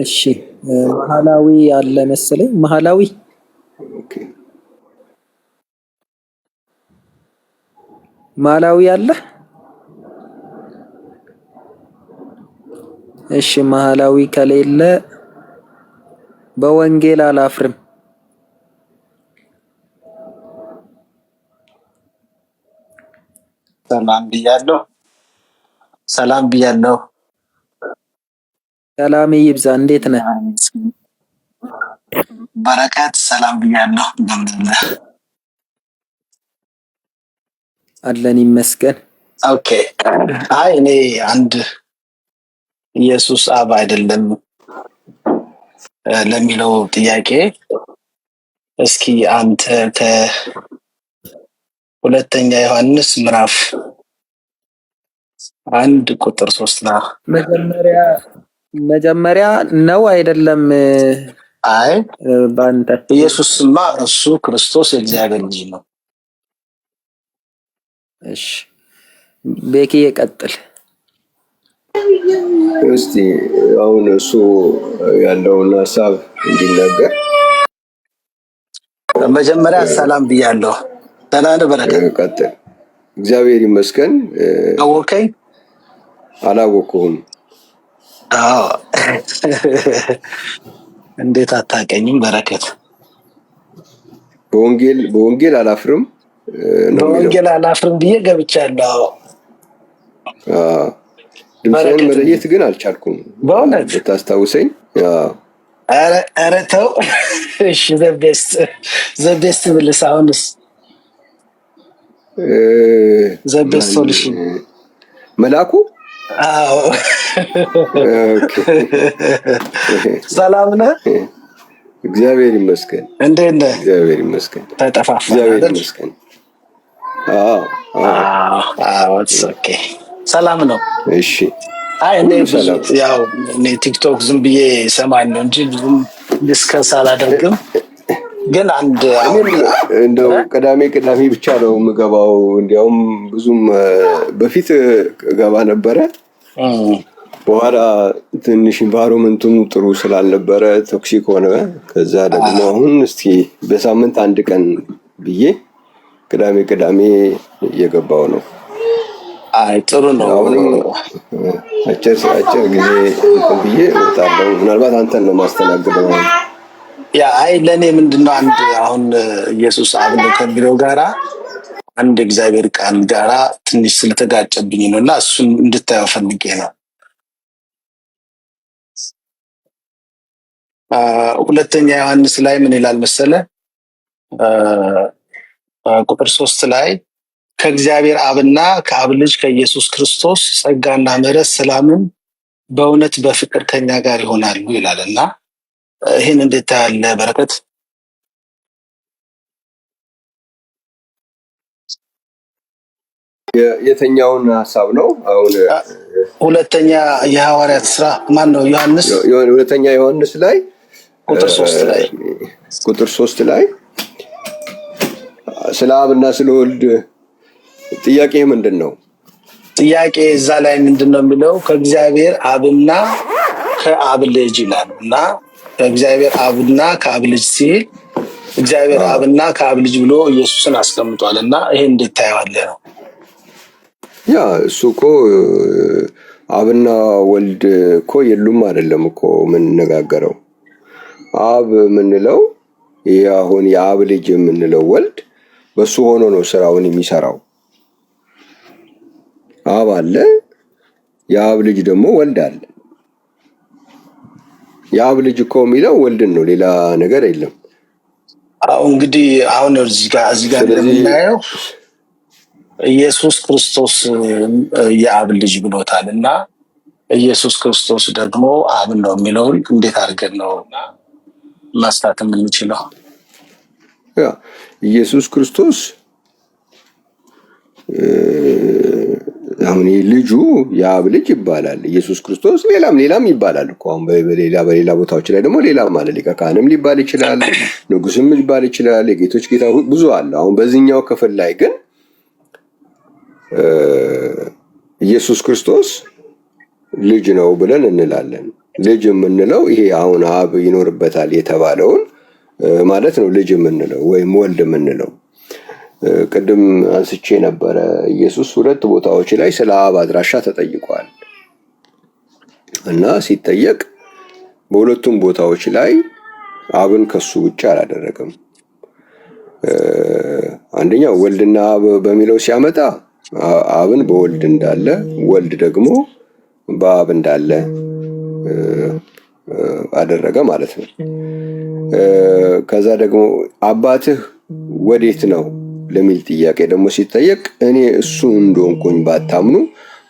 እሺ መሀላዊ ያለ መሰለኝ። መሀላዊ ማላዊ ያለ እሺ፣ መሀላዊ ከሌለ በወንጌል አላፍርም። ሰላም ብያለሁ። ሰላም ብያለሁ። ሰላም ይብዛ። እንዴት ነህ? በረከት ሰላም ብያለሁ። አለን ይመስገን። ኦኬ። አይ እኔ አንድ ኢየሱስ አብ አይደለም ለሚለው ጥያቄ እስኪ አንተ ከሁለተኛ ዮሐንስ ምዕራፍ አንድ ቁጥር ሶስት ና መጀመሪያ መጀመሪያ ነው አይደለም? አይ በአንተ ኢየሱስማ እሱ ክርስቶስ የእግዚአብሔር ልጅ ነው። እሺ ቤኪ ቀጥል። እስቲ አሁን እሱ ያለውን ሀሳብ እንዲናገር መጀመሪያ ሰላም ብያለሁ። ደህና ነህ በረከት? ቀጥል። እግዚአብሔር ይመስገን። አወከኝ አላወቅሁም አዎ እንዴት አታቀኝም? በረከት በወንጌል በወንጌል አላፍርም በወንጌል አላፍርም ብዬ ገብቻለሁ። ድምፅህን መለየት ግን አልቻልኩም። በእውነት ብታስታውሰኝ። ኧረ ተው እሺ። ዘቤስት ዘቤስት ብልስ አሁንስ ዘቤስት ሶሉሽን መላኩ ሰላም ነህ? እግዚአብሔር ይመስገን። እንዴት ነህ? እግዚአብሔር ይመስገን። ተጠፋፋ። እግዚአብሔር ይመስገን። ሰላም ነው። እሺ። አይ እኔ ያው እኔ ቲክቶክ ዝም ብዬ ሰማኝ ነው እንጂ ብዙም ዲስከስ አላደርግም። ግን አንድ እንደው ቅዳሜ ቅዳሜ ብቻ ነው የምገባው። እንዲያውም ብዙም በፊት ገባ ነበረ በኋላ ትንሽ ኢንቫይሮመንቱም ጥሩ ስላልነበረ ቶክሲክ ሆነ። ከዛ ደግሞ አሁን እስኪ በሳምንት አንድ ቀን ብዬ ቅዳሜ ቅዳሜ እየገባው ነው። አይ ጥሩ ነው። አጭር አጭር ጊዜ ብዬ እወጣለሁ። ምናልባት አንተን ነው ማስተናግደው። ያ አይ ለእኔ ምንድነው አንድ አሁን ኢየሱስ አብ ነው ከሚለው ጋራ አንድ እግዚአብሔር ቃል ጋራ ትንሽ ስለተጋጨብኝ ነው እና እሱን እንድታየው ፈልጌ ነው። ሁለተኛ ዮሐንስ ላይ ምን ይላል መሰለ? ቁጥር ሶስት ላይ ከእግዚአብሔር አብና ከአብ ልጅ ከኢየሱስ ክርስቶስ ጸጋና ምሕረት ሰላምም በእውነት በፍቅር ከኛ ጋር ይሆናሉ ይላል እና ይህን እንዴት ያለ በረከት የተኛውን ሀሳብ ነው። አሁን ሁለተኛ የሐዋርያት ስራ ማን ነው? ዮሐንስ ሁለተኛ ዮሐንስ ላይ ቁጥር ሶስት ላይ ቁጥር ሶስት ላይ ስለ አብና ስለ ወልድ ጥያቄ ምንድን ነው? ጥያቄ እዛ ላይ ምንድን ነው የሚለው ከእግዚአብሔር አብና ከአብ ልጅ ይላል እና ከእግዚአብሔር አብና ከአብ ልጅ ሲል እግዚአብሔር አብና ከአብ ልጅ ብሎ ኢየሱስን አስቀምጧል እና ይሄ እንዴት ታየዋለህ ነው ያ እሱ እኮ አብና ወልድ እኮ የሉም አይደለም እኮ የምንነጋገረው። አብ የምንለው ይህ አሁን የአብ ልጅ የምንለው ወልድ በሱ ሆኖ ነው ስራውን የሚሰራው። አብ አለ፣ የአብ ልጅ ደግሞ ወልድ አለ። የአብ ልጅ እኮ የሚለው ወልድን ነው፣ ሌላ ነገር የለም። አሁ እንግዲህ አሁን እዚህ ጋር እንደምናየው ኢየሱስ ክርስቶስ የአብ ልጅ ብሎታል እና ኢየሱስ ክርስቶስ ደግሞ አብ ነው የሚለውን እንዴት አድርገን ነው ማስታት የምንችለው? ኢየሱስ ክርስቶስ አሁን ልጁ የአብ ልጅ ይባላል። ኢየሱስ ክርስቶስ ሌላም ሌላም ይባላል እኮ አሁን በሌላ በሌላ ቦታዎች ላይ ደግሞ ሌላም አለ። ሊቀ ካህንም ሊባል ይችላል፣ ንጉስም ሊባል ይችላል፣ የጌቶች ጌታ ብዙ አለ። አሁን በዚህኛው ክፍል ላይ ግን ኢየሱስ ክርስቶስ ልጅ ነው ብለን እንላለን። ልጅ የምንለው ይሄ አሁን አብ ይኖርበታል የተባለውን ማለት ነው። ልጅ የምንለው ወይም ወልድ የምንለው ቅድም አንስቼ ነበረ። ኢየሱስ ሁለት ቦታዎች ላይ ስለ አብ አድራሻ ተጠይቋል እና ሲጠየቅ በሁለቱም ቦታዎች ላይ አብን ከሱ ውጭ አላደረግም። አንደኛው ወልድና አብ በሚለው ሲያመጣ አብን በወልድ እንዳለ ወልድ ደግሞ በአብ እንዳለ አደረገ ማለት ነው። ከዛ ደግሞ አባትህ ወዴት ነው ለሚል ጥያቄ ደግሞ ሲጠየቅ እኔ እሱ እንደሆንኩኝ ባታምኑ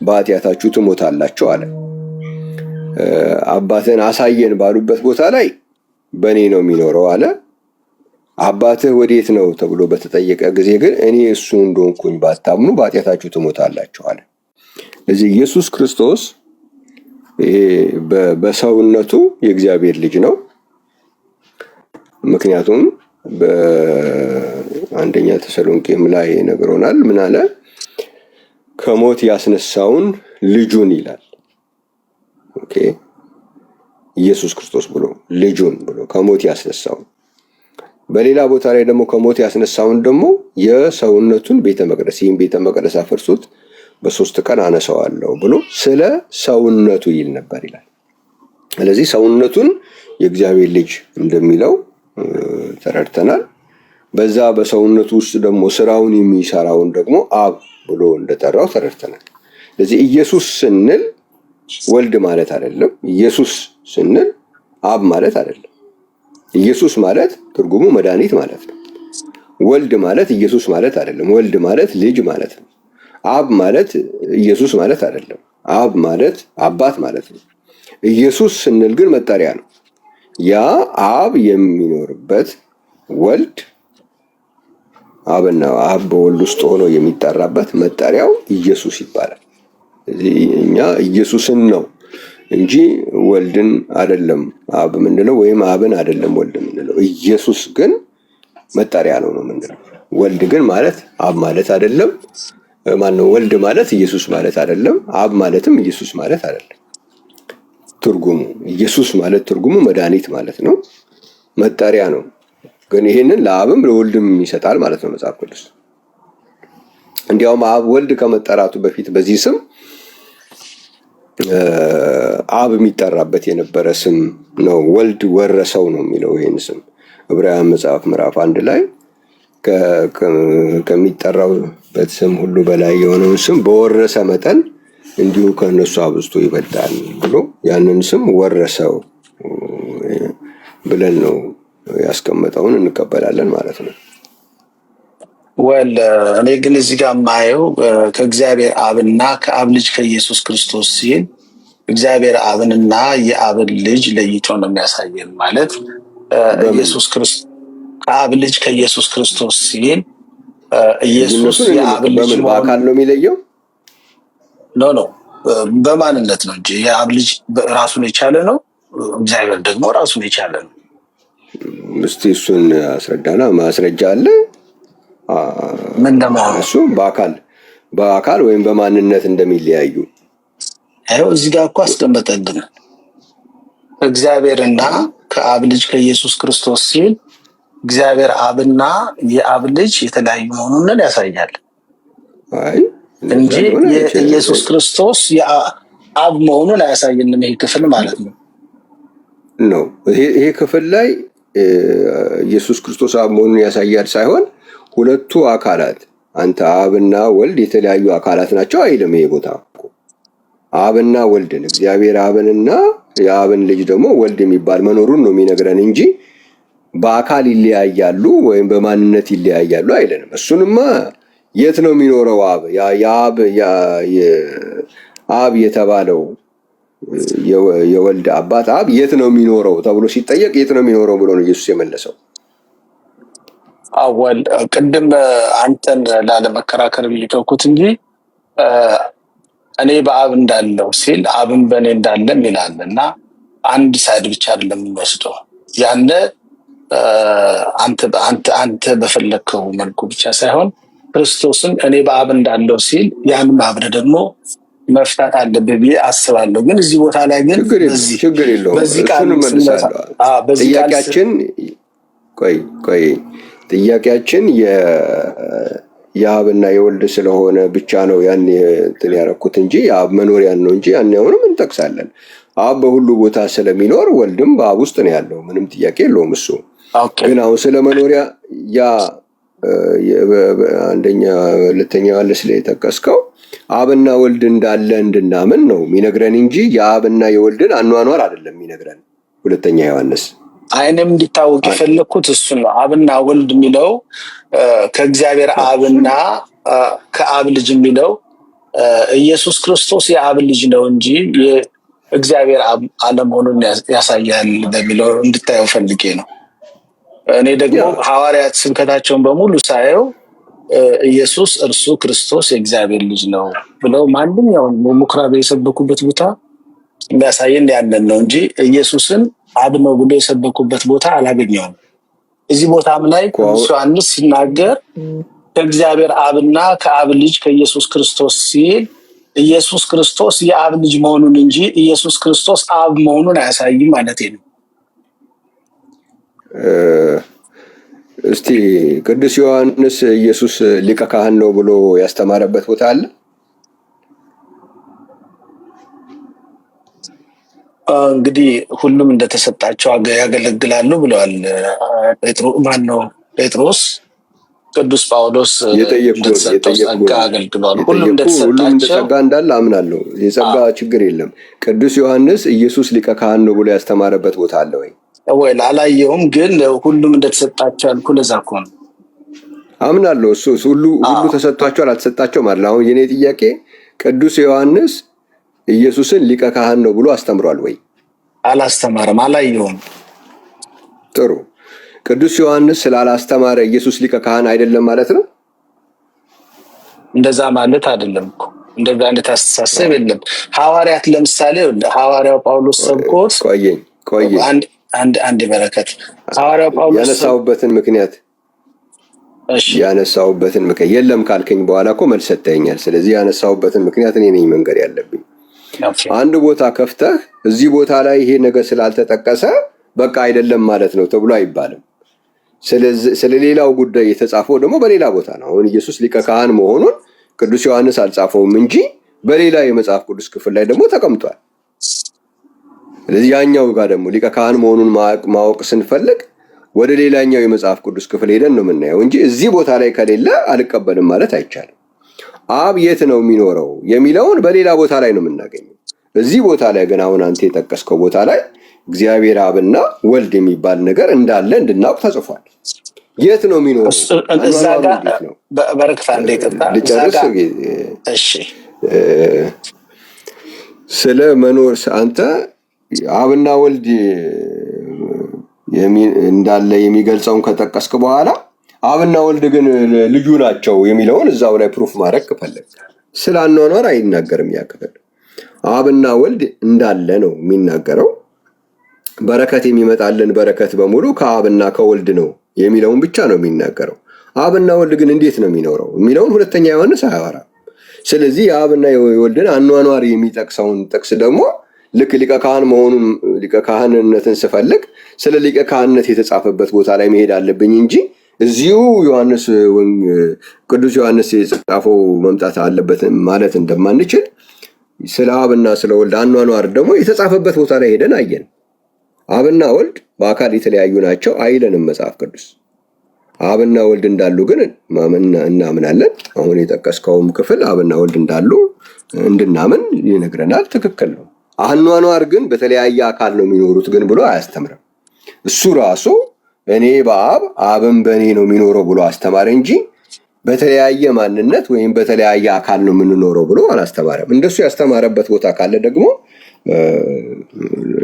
በኃጢአታችሁ ትሞታላችሁ አለ። አባትን አሳየን ባሉበት ቦታ ላይ በእኔ ነው የሚኖረው አለ። አባትህ ወዴት ነው ተብሎ በተጠየቀ ጊዜ ግን እኔ እሱ እንደሆንኩኝ ባታምኑ በኃጢአታችሁ ትሞታላችሁ አለ። ስለዚህ ኢየሱስ ክርስቶስ በሰውነቱ የእግዚአብሔር ልጅ ነው። ምክንያቱም በአንደኛ ተሰሎንቄም ላይ ነግሮናል። ምን አለ? ከሞት ያስነሳውን ልጁን ይላል። ኦኬ ኢየሱስ ክርስቶስ ብሎ ልጁን ብሎ ከሞት ያስነሳውን በሌላ ቦታ ላይ ደግሞ ከሞት ያስነሳውን ደግሞ የሰውነቱን ቤተ መቅደስ ይህም ቤተ መቅደስ አፍርሱት በሶስት ቀን አነሰዋለሁ ብሎ ስለ ሰውነቱ ይል ነበር ይላል። ስለዚህ ሰውነቱን የእግዚአብሔር ልጅ እንደሚለው ተረድተናል። በዛ በሰውነቱ ውስጥ ደግሞ ስራውን የሚሰራውን ደግሞ አብ ብሎ እንደጠራው ተረድተናል። ስለዚህ ኢየሱስ ስንል ወልድ ማለት አይደለም። ኢየሱስ ስንል አብ ማለት አይደለም። ኢየሱስ ማለት ትርጉሙ መድኃኒት ማለት ነው። ወልድ ማለት ኢየሱስ ማለት አይደለም። ወልድ ማለት ልጅ ማለት ነው። አብ ማለት ኢየሱስ ማለት አይደለም። አብ ማለት አባት ማለት ነው። ኢየሱስ ስንል ግን መጠሪያ ነው። ያ አብ የሚኖርበት ወልድ አብና አብ በወልድ ውስጥ ሆኖ የሚጠራበት መጠሪያው ኢየሱስ ይባላል። እኛ ኢየሱስን ነው እንጂ ወልድን አደለም አብ የምንለው ወይም አብን አደለም ወልድ ምንለው። ኢየሱስ ግን መጠሪያ ነው ነው ምንለው። ወልድ ግን ማለት አብ ማለት አደለም። ማነው ወልድ ማለት ኢየሱስ ማለት አደለም። አብ ማለትም ኢየሱስ ማለት አደለም። ትርጉሙ ኢየሱስ ማለት ትርጉሙ መድኃኒት ማለት ነው። መጠሪያ ነው። ግን ይህንን ለአብም ለወልድም ይሰጣል ማለት ነው መጽሐፍ ቅዱስ። እንዲያውም አብ ወልድ ከመጠራቱ በፊት በዚህ ስም አብ የሚጠራበት የነበረ ስም ነው። ወልድ ወረሰው ነው የሚለው ይህን ስም ዕብራውያን መጽሐፍ ምዕራፍ አንድ ላይ ከሚጠራበት ስም ሁሉ በላይ የሆነውን ስም በወረሰ መጠን እንዲሁ ከእነሱ አብዝቶ ይበልጣል ብሎ ያንን ስም ወረሰው ብለን ነው ያስቀመጠውን እንቀበላለን ማለት ነው። ወል እኔ ግን እዚህ ጋር የማየው ከእግዚአብሔር አብና ከአብ ልጅ ከኢየሱስ ክርስቶስ ሲል እግዚአብሔር አብንና የአብን ልጅ ለይቶ ነው የሚያሳየን። ማለት ኢየሱስ ክርስቶስ ከአብ ልጅ ከኢየሱስ ክርስቶስ ሲል ኢየሱስ የአብ ልጅ በአካል ነው የሚለየው። ኖ ኖ በማንነት ነው እንጂ የአብ ልጅ ራሱን የቻለ ነው። እግዚአብሔር ደግሞ ራሱን የቻለ ነው። እስቲ እሱን አስረዳና፣ ማስረጃ አለ? ምን ለማለት እሱ በአካል በአካል ወይም በማንነት እንደሚለያዩ ያው እዚህ ጋር እኮ አስቀመጠልን እግዚአብሔርና ከአብ ልጅ ከኢየሱስ ክርስቶስ ሲል እግዚአብሔር አብና የአብ ልጅ የተለያዩ መሆኑን ያሳያል እንጂ የኢየሱስ ክርስቶስ አብ መሆኑን አያሳየንም። ይሄ ክፍል ማለት ነው ነው ይሄ ክፍል ላይ ኢየሱስ ክርስቶስ አብ መሆኑን ያሳያል ሳይሆን ሁለቱ አካላት አንተ አብና ወልድ የተለያዩ አካላት ናቸው አይልም ይሄ ቦታ አብና ወልድን እግዚአብሔር አብንና የአብን ልጅ ደግሞ ወልድ የሚባል መኖሩን ነው የሚነግረን እንጂ በአካል ይለያያሉ ወይም በማንነት ይለያያሉ አይለንም። እሱንማ የት ነው የሚኖረው አብ የአብ አብ የተባለው የወልድ አባት አብ የት ነው የሚኖረው ተብሎ ሲጠየቅ የት ነው የሚኖረው ብሎ ነው ኢየሱስ የመለሰው። ቅድም አንተን ላለመከራከር ልተውኩት እንጂ እኔ በአብ እንዳለው ሲል አብን በእኔ እንዳለም ይላል እና አንድ ሳይድ ብቻ አይደለም የምንወስደው ያለ አንተ በፈለግከው መልኩ ብቻ ሳይሆን ክርስቶስም እኔ በአብ እንዳለው ሲል ያን ማብረ ደግሞ መፍታት አለብህ ብዬ አስባለሁ። ግን እዚህ ቦታ ላይ ግን ችግር የለውም። ቆይ ቆይ ጥያቄያችን የአብና የወልድ ስለሆነ ብቻ ነው ያን እንትን ያደረኩት እንጂ የአብ መኖሪያን ነው እንጂ ያን አሁንም እንጠቅሳለን። አብ በሁሉ ቦታ ስለሚኖር ወልድም በአብ ውስጥ ነው ያለው፣ ምንም ጥያቄ የለውም። እሱ ግን አሁን ስለ መኖሪያ ያ አንደኛ ሁለተኛ ዮሐንስ ላይ የጠቀስከው አብና ወልድ እንዳለ እንድናምን ነው የሚነግረን እንጂ የአብና የወልድን አኗኗር አይደለም የሚነግረን ሁለተኛ ዮሐንስ አይንም እንዲታወቅ የፈለግኩት እሱ ነው። አብና ወልድ የሚለው ከእግዚአብሔር አብና ከአብ ልጅ የሚለው ኢየሱስ ክርስቶስ የአብ ልጅ ነው እንጂ የእግዚአብሔር አብ አለመሆኑን ያሳያል በሚለው እንድታየው ፈልጌ ነው። እኔ ደግሞ ሐዋርያት ስብከታቸውን በሙሉ ሳየው ኢየሱስ እርሱ ክርስቶስ የእግዚአብሔር ልጅ ነው ብለው ማንኛውም ምኩራብ የሰበኩበት ቦታ የሚያሳየን ያንን ነው እንጂ ኢየሱስን አድመው ብሎ የሰበኩበት ቦታ አላገኘውም። እዚህ ቦታም ላይ ቅዱስ ዮሐንስ ሲናገር ከእግዚአብሔር አብና ከአብ ልጅ ከኢየሱስ ክርስቶስ ሲል ኢየሱስ ክርስቶስ የአብ ልጅ መሆኑን እንጂ ኢየሱስ ክርስቶስ አብ መሆኑን አያሳይም ማለት ነው። እስቲ ቅዱስ ዮሐንስ ኢየሱስ ሊቀ ካህን ነው ብሎ ያስተማረበት ቦታ አለ? እንግዲህ ሁሉም እንደተሰጣቸው ያገለግላሉ ብለዋል። ማን ነው ጴጥሮስ ቅዱስ ጳውሎስ አገልግሏል። ሁሉም እንደተሰጣቸው ጸጋ እንዳለ አምናለሁ። የጸጋ ችግር የለም። ቅዱስ ዮሐንስ ኢየሱስ ሊቀ ካህን ነው ብሎ ያስተማረበት ቦታ አለ ወይ ወይ አላየውም። ግን ሁሉም እንደተሰጣቸው ያልኩ ለዛ እኮ ነው አምናለሁ። እሱ ሁሉ ሁሉ ተሰጥቷቸዋል አልተሰጣቸውም አለ። አሁን የኔ ጥያቄ ቅዱስ ዮሐንስ ኢየሱስን ሊቀ ካህን ነው ብሎ አስተምሯል ወይ? አላስተማረም፣ አላየውም። ጥሩ ቅዱስ ዮሐንስ ስላላስተማረ ኢየሱስ ሊቀ ካህን አይደለም ማለት ነው? እንደዛ ማለት አይደለም እኮ እንደዛ አይነት አስተሳሰብ የለም። ሐዋርያት ለምሳሌ ሐዋርያው ጳውሎስ ሰብኮት ቆየኝ ቆየኝ አንድ በረከት ሐዋርያው ጳውሎስ ያነሳውበትን ምክንያት ያነሳውበትን ምክንያት የለም ካልከኝ በኋላ እኮ መልስ ሰጠኛል። ስለዚህ ያነሳውበትን ምክንያት እኔ ነኝ መንገድ ያለብኝ አንድ ቦታ ከፍተህ እዚህ ቦታ ላይ ይሄ ነገር ስላልተጠቀሰ በቃ አይደለም ማለት ነው ተብሎ አይባልም። ስለ ሌላው ጉዳይ የተጻፈው ደግሞ በሌላ ቦታ ነው። አሁን ኢየሱስ ሊቀ ካህን መሆኑን ቅዱስ ዮሐንስ አልጻፈውም እንጂ በሌላ የመጽሐፍ ቅዱስ ክፍል ላይ ደግሞ ተቀምጧል። ስለዚህ ያኛው ጋር ደግሞ ሊቀ ካህን መሆኑን ማወቅ ስንፈልግ ወደ ሌላኛው የመጽሐፍ ቅዱስ ክፍል ሄደን ነው የምናየው እንጂ እዚህ ቦታ ላይ ከሌለ አልቀበልም ማለት አይቻልም። አብ የት ነው የሚኖረው የሚለውን በሌላ ቦታ ላይ ነው የምናገኘው። እዚህ ቦታ ላይ ግን አሁን አንተ የጠቀስከው ቦታ ላይ እግዚአብሔር አብና ወልድ የሚባል ነገር እንዳለ እንድናውቅ ተጽፏል። የት ነው የሚኖረው? ስለ መኖር አንተ አብና ወልድ እንዳለ የሚገልጸውን ከጠቀስክ በኋላ አብና ወልድ ግን ልዩ ናቸው የሚለውን እዛው ላይ ፕሩፍ ማድረግ ፈለግ። ስለ አኗኗር አይናገርም። ያ ክፍል አብና ወልድ እንዳለ ነው የሚናገረው። በረከት የሚመጣልን በረከት በሙሉ ከአብና ከወልድ ነው የሚለውን ብቻ ነው የሚናገረው። አብና ወልድ ግን እንዴት ነው የሚኖረው የሚለውን ሁለተኛ ዮሐንስ አያወራም። ስለዚህ የአብና የወልድን አኗኗር የሚጠቅሰውን ጥቅስ ደግሞ ልክ ሊቀ ካህን መሆኑን ሊቀ ካህንነትን ስፈልግ ስለ ሊቀ ካህንነት የተጻፈበት ቦታ ላይ መሄድ አለብኝ እንጂ እዚሁ ዮሐንስ ቅዱስ ዮሐንስ የጻፈው መምጣት አለበት ማለት እንደማንችል ስለ አብና ስለ ወልድ አኗኗር ደግሞ የተጻፈበት ቦታ ላይ ሄደን አየን። አብና ወልድ በአካል የተለያዩ ናቸው አይለንም መጽሐፍ ቅዱስ። አብና ወልድ እንዳሉ ግን እናምናለን። አሁን የጠቀስከውም ክፍል አብና ወልድ እንዳሉ እንድናምን ይነግረናል። ትክክል ነው። አኗኗር ግን በተለያየ አካል ነው የሚኖሩት ግን ብሎ አያስተምርም እሱ ራሱ እኔ በአብ አብም በእኔ ነው የሚኖረው ብሎ አስተማረ እንጂ በተለያየ ማንነት ወይም በተለያየ አካል ነው የምንኖረው ብሎ አላስተማረም። እንደሱ ያስተማረበት ቦታ ካለ ደግሞ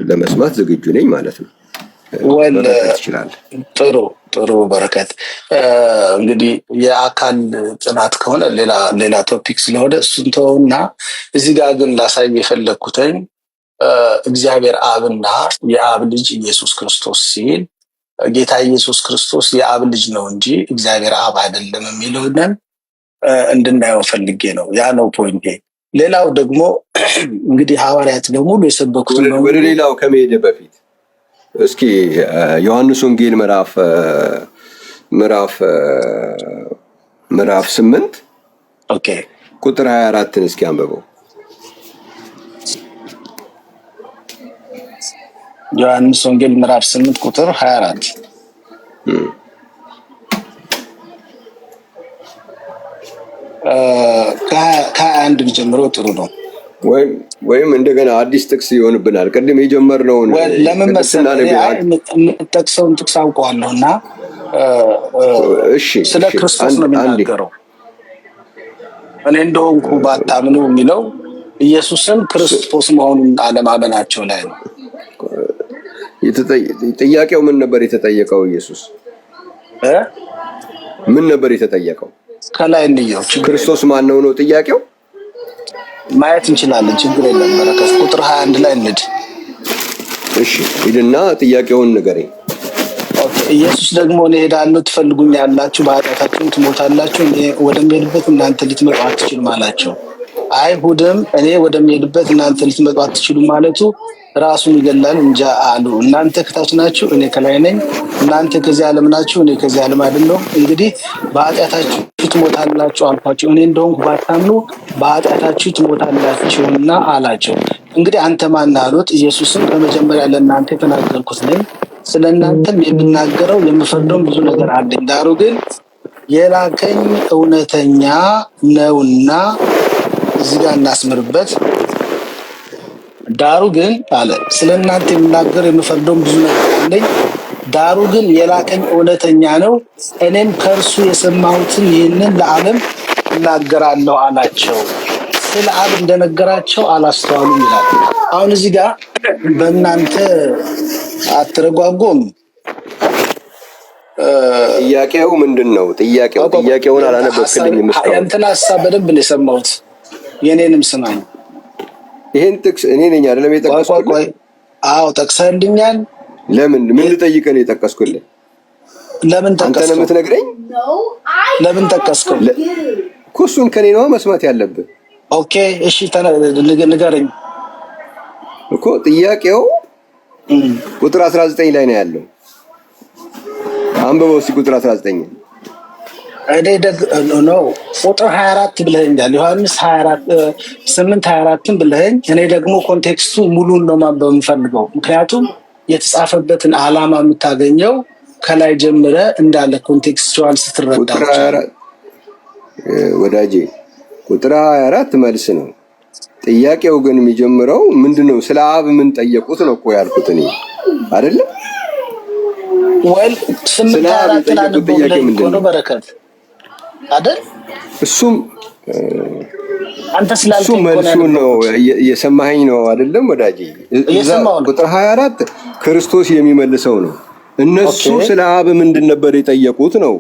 ለመስማት ዝግጁ ነኝ ማለት ነው። ጥሩ ጥሩ በረከት። እንግዲህ የአካል ጥናት ከሆነ ሌላ ቶፒክ ስለሆነ እሱን ተውና፣ እዚህ ጋር ግን ላሳይ የፈለግኩትኝ እግዚአብሔር አብና የአብ ልጅ ኢየሱስ ክርስቶስ ሲል ጌታ ኢየሱስ ክርስቶስ የአብ ልጅ ነው እንጂ እግዚአብሔር አብ አይደለም የሚለውንን እንድናየው ፈልጌ ነው። ያ ነው ፖይንቴ። ሌላው ደግሞ እንግዲህ ሐዋርያት በሙሉ የሰበኩት ነው። ወደ ሌላው ከመሄደ በፊት እስኪ ዮሐንስ ወንጌል ምዕራፍ ምዕራፍ ምዕራፍ ስምንት ቁጥር 24ን እስኪ አንብበው። ዮሐንስ ወንጌል ምዕራፍ ስምንት ቁጥር ሀያ አራት ከሀያ አንድ ጀምሮ ጥሩ ነው። ወይም እንደገና አዲስ ጥቅስ ይሆንብናል። ቅድም የጀመርነውን ለምን መሰለህ የምጠቅሰውን ጥቅስ አውቀዋለሁ እና ስለ ክርስቶስ ነው የሚናገረው እኔ እንደሆንኩ ባታምኑ የሚለው ኢየሱስን ክርስቶስ መሆኑን አለማመናቸው ላይ ነው። ጥያቄው ምን ነበር የተጠየቀው? ኢየሱስ ምን ነበር የተጠየቀው? ከላይ እንየው። ክርስቶስ ማን ነው ነው ጥያቄው። ማየት እንችላለን፣ ችግር የለም። በረከት ቁጥር 21 ላይ እንድ እሺ፣ ሂድና ጥያቄውን ንገረኝ። ኢየሱስ ደግሞ እኔ እሄዳለሁ፣ ትፈልጉኛላችሁ፣ በኃጢአታችሁም ትሞታላችሁ፣ እኔ ወደምሄድበት እናንተ ልትመጡ አትችሉም አላቸው። አይሁድም እኔ ወደምሄድበት እናንተ ልትመጡ አትችሉም ማለቱ ራሱን ይገላል እንጃ አሉ። እናንተ ከታች ናችሁ፣ እኔ ከላይ ነኝ። እናንተ ከዚህ ዓለም ናችሁ፣ እኔ ከዚህ ዓለም አይደለሁ። እንግዲህ በኃጢአታችሁ ትሞታላችሁ አልኳቸው። እኔ እንደሆንኩ ባታምኑ በኃጢአታችሁ ትሞታላችሁና አላቸው። እንግዲህ አንተ ማን አሉት። ኢየሱስም ከመጀመሪያ ለእናንተ የተናገርኩት ነኝ። ስለ እናንተም የምናገረው የምፈርደውም ብዙ ነገር አለኝ። ዳሩ ግን የላከኝ እውነተኛ ነውና እዚህ ጋር እናስምርበት ዳሩ ግን አለ ስለ እናንተ የምናገር የምፈርደውም ብዙ ነገር አለኝ። ዳሩ ግን የላከኝ እውነተኛ ነው፣ እኔም ከእርሱ የሰማሁትን ይህንን ለዓለም እናገራለሁ አላቸው። ስለ አብ እንደነገራቸው አላስተዋሉም ይላል። አሁን እዚህ ጋር በእናንተ አትረጓጎም። ጥያቄው ምንድን ነው? ጥያቄው ጥያቄውን አላነበብክልኝ። ምስ እንትን ሀሳብ በደንብ ነው የሰማሁት። የኔንም ስማኝ ይሄን ጥቅስ እኔ ነኝ አይደለም የጠቀስኩልህ? አዎ ጠቅሰህልኛል። ለምን ምን ልጠይቀህ ነው የጠቀስኩልህ? ለምን ጠቀስከው? አንተ የምትነግረኝ ለምን ጠቀስከው? ኩሱን ከኔ ነው መስማት ያለብህ። ኦኬ እሺ ንገረኝ። እኮ ጥያቄው ቁጥር 19 ላይ ነው ያለው። አንብበው እስኪ ቁጥር 19 እኔ ደግ ነው ቁጥር 24 ብለኸኛል። ዮሐንስ ስምንት 24 አራትን ብለኝ እኔ ደግሞ ኮንቴክስቱ ሙሉን ነው ማንበብ የምፈልገው። ምክንያቱም የተጻፈበትን አላማ የምታገኘው ከላይ ጀምረ እንዳለ ኮንቴክስቹዋል ስትረዳ። ወዳጄ ቁጥር አራት መልስ ነው። ጥያቄው ግን የሚጀምረው ምንድን ነው? ስለ አብ ምን ጠየቁት ነው እኮ ያልኩት እኔ አይደለም። ስለ አብ የጠየቁት ጥያቄ ምንድን ነው? በረከት አይደል? እሱም አንተ ስላልከኝ እሱ መልሱን ነው እየሰማኸኝ ነው አይደለም ወዳጄ? ቁጥር 24 ክርስቶስ የሚመልሰው ነው። እነሱ ስለ አብ ምንድን ነበር የጠየቁት ነው።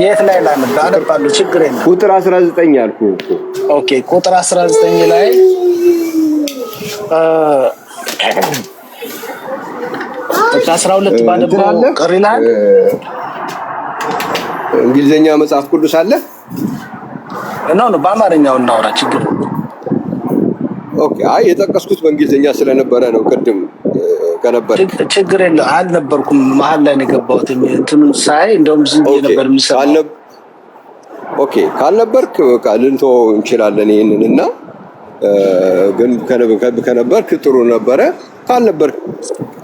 የት ላይ ላምጣ? አነባለሁ፣ ችግር የለም። ቁጥር 19 አልኩ። ኦኬ፣ ቁጥር 19 ላይ ከአስራ ሁለት ባነባው ቅር ይላል እንግሊዝኛ መጽሐፍ ቅዱስ አለ ነው ነው በአማርኛው እናውራ ችግር ኦኬ። አይ የጠቀስኩት በእንግሊዝኛ ስለነበረ ነው። ቅድም ከነበረ ችግር የለ አልነበርኩም። መሀል ላይ ነው የገባሁት። እንትኑን ሳይ እንደውም ዝም ብዬ ነበር የሚሰማው። ኦኬ ካልነበርክ በቃ ልንተወው እንችላለን ይህንን እና ግን ከነበርክ ጥሩ ነበረ።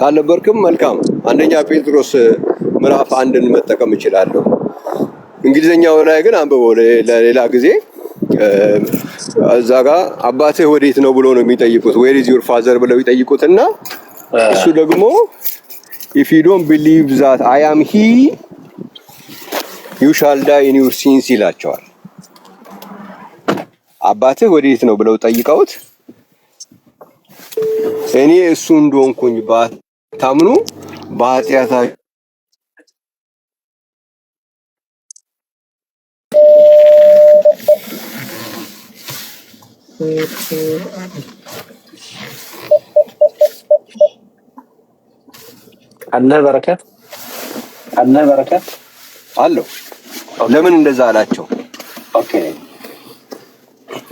ካልነበርክም መልካም። አንደኛ ጴጥሮስ ምዕራፍ አንድን መጠቀም እችላለሁ። እንግሊዝኛው ላይ ግን አንብበው ለሌላ ጊዜ እዛ ጋ አባትህ ወዴት ነው ብሎ ነው የሚጠይቁት። ዌር ኢዝ ዩር ፋዘር ብለው ይጠይቁት እና እሱ ደግሞ ኢፍ ዩ ዶንት ቢሊቭ ዛት አይ አም ሂ ዩ ሻል ዳይ ኢን ዩር ሲንስ ይላቸዋል። አባትህ ወዴት ነው ብለው ጠይቀውት እኔ እሱ እንደሆንኩኝ ባታምኑ በኃጢአታችሁ አለህ በረከት አለህ በረከት አለው። ለምን እንደዛ አላቸው? ኦኬ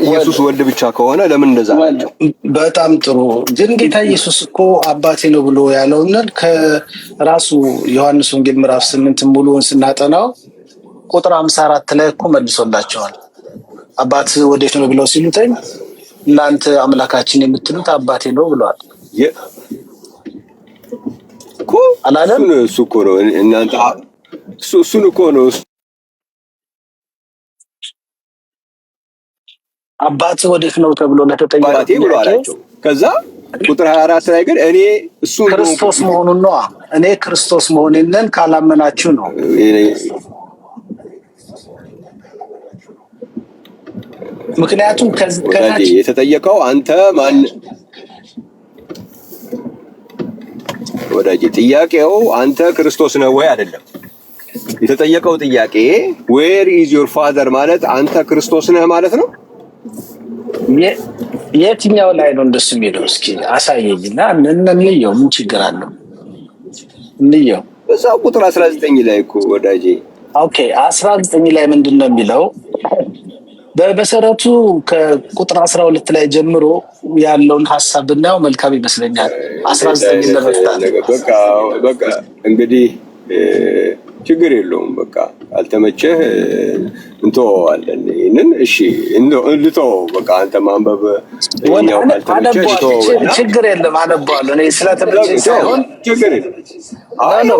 ኢየሱስ ወልድ ብቻ ከሆነ ለምን እንደዛ አላቸው? በጣም ጥሩ። ግን ጌታ ኢየሱስ እኮ አባቴ ነው ብሎ ያለውና ከራሱ ዮሐንስ ወንጌል ምዕራፍ ስምንት ሙሉውን ስናጠናው ቁጥር 54 ላይ እኮ መልሶላቸዋል። አባት ወዴት ነው ብለው ሲሉተኝ እናንተ አምላካችን የምትሉት አባቴ ነው ብለዋል። አላለም። እሱ እኮ ነው እናንተ እሱን እኮ ነው አባት ወዴት ነው ተብሎ ለተጠየቀው ብለዋል። ከዛ ቁጥር 24 ላይ ግን እኔ እሱ ክርስቶስ መሆኑን ነው እኔ ክርስቶስ መሆኔን ካላመናችሁ ነው ምክንያቱም የተጠየቀው አንተ ማን ወዳጅ ጥያቄው አንተ ክርስቶስ ነህ ወይ አይደለም። የተጠየቀው ጥያቄ ዌር ኢዝ ዮር ፋዘር ማለት አንተ ክርስቶስ ነህ ማለት ነው። የትኛው ላይ ነው እንደሱ የሚለው? እስኪ አሳየኝ እና እንየው። ምን ችግር አለው? እንየው። እዛው ቁጥር 19 ላይ እኮ ወዳጄ። ኦኬ 19 ላይ ምንድን ነው የሚለው? በመሰረቱ ከቁጥር አስራ ሁለት ላይ ጀምሮ ያለውን ሀሳብ ብናየው መልካም ይመስለኛል። አስራ ዘጠኝ ለመፍታት በቃ እንግዲህ ችግር የለውም። በቃ አልተመቸህ እንተወዋለን። ይህንን እሺ ልተወው። በቃ አንተ ማንበብ ችግር የለም፣ አነባዋለሁ። እኔ ስለተመቸኝ ሳይሆን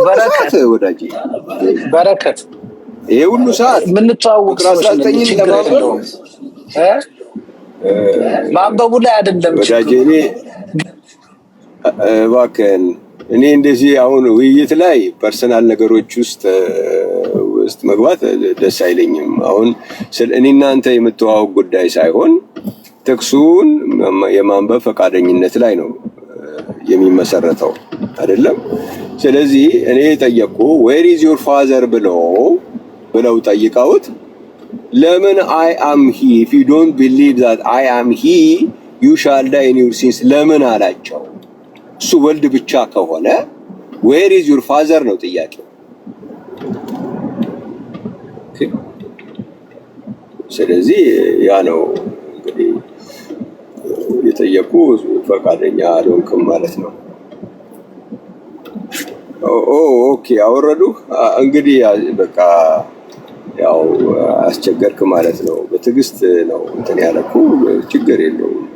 በረከት በረከት ይሄ ሁሉ ሰዓት የምንተዋወቅ ማንበቡ ላይ አይደለም እባክህን። እኔ እንደዚህ አሁን ውይይት ላይ ፐርሰናል ነገሮች ውስጥ ውስጥ መግባት ደስ አይለኝም። አሁን እኔ እናንተ የምትዋወቅ ጉዳይ ሳይሆን ጥቅሱን የማንበብ ፈቃደኝነት ላይ ነው የሚመሰረተው አይደለም። ስለዚህ እኔ የጠየቅኩ ዌር ኢዝ ዮር ፋዘር ብለው ብለው ጠይቀውት ለምን አይ አም ሂ ዩ ዶንት ቢሊቭ ዛት አይ አም ሂ ዩ ሻል ዳይ ኢን ዩር ሲንስ ለምን አላቸው። እሱ ወልድ ብቻ ከሆነ ዌር ኢዝ ዩር ፋዘር ነው ጥያቄው። ስለዚህ ያ ነው እንግዲህ የጠየቁ ፈቃደኛ አልሆንክም ማለት ነው። ኦኬ አወረዱ እንግዲህ በቃ ያው አስቸገርክ ማለት ነው። በትዕግስት ነው እንትን ያለኩ ችግር የለውም።